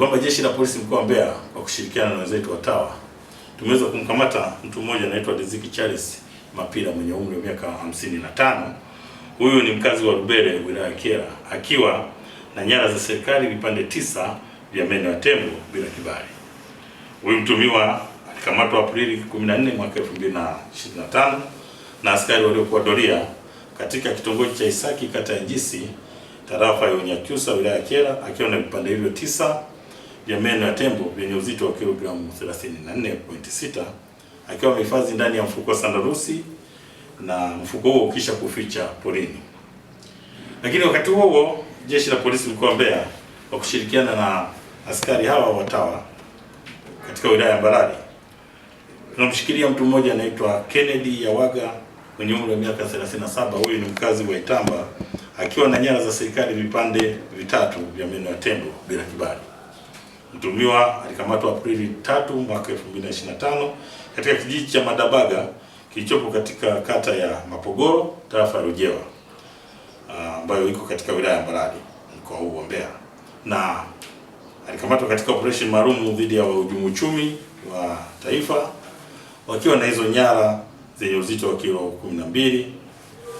kwamba jeshi la polisi mkoa wa Mbeya kwa kushirikiana na wenzetu wa TAWA tumeweza kumkamata mtu mmoja anaitwa Riziki Charles Mapila mwenye umri wa miaka 55. Huyu ni mkazi wa Rubere wilaya ya Kyela akiwa na nyara za serikali vipande tisa vya meno ya tembo bila kibali. Huyu mtumiwa alikamatwa Aprili 14 mwaka 2025 na askari waliokuwa doria katika kitongoji cha Isaki kata ya Njisi tarafa ya Unyakyusa wilaya ya Kyela akiwa na vipande hivyo tisa vya meno ya tembo vyenye uzito wa kilogramu 34.6 akiwa amehifadhi ndani ya mfuko wa sandarusi na mfuko huo ukisha kuficha porini. Lakini wakati huo huo jeshi la polisi mkoa wa Mbeya kwa kushirikiana na askari hawa watawa katika wilaya ya Mbarali tunamshikilia mtu mmoja anaitwa Kennedy Yawaga mwenye umri wa miaka 37. Huyu ni mkazi wa Itamba akiwa na nyara za serikali vipande vitatu vya meno ya tembo bila kibali. Mtumiwa alikamatwa Aprili 3 mwaka 2025 katika kijiji cha Madabaga kilichopo katika kata ya Mapogoro tarafa ya Rujewa ah, ambayo iko katika wilaya ya Mbarali mkoa huu wa Mbeya, na alikamatwa katika operation maalum dhidi ya wahujumu uchumi wa taifa wakiwa na hizo nyara zenye uzito wa kilo 12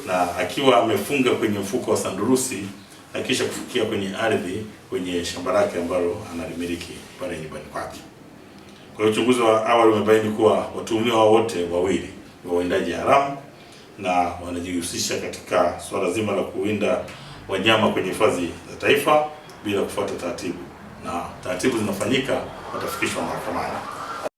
na akiwa amefunga kwenye mfuko wa sandurusi na kisha kufikia kwenye ardhi kwenye shamba lake ambalo analimiliki pale nyumbani kwake. Kwa hiyo uchunguzi wa awali umebaini kuwa watuhumiwa wote wawili wa uwindaji haramu na wanajihusisha katika suala zima la kuwinda wanyama kwenye hifadhi za taifa bila kufuata taratibu, na taratibu zinafanyika, watafikishwa mahakamani.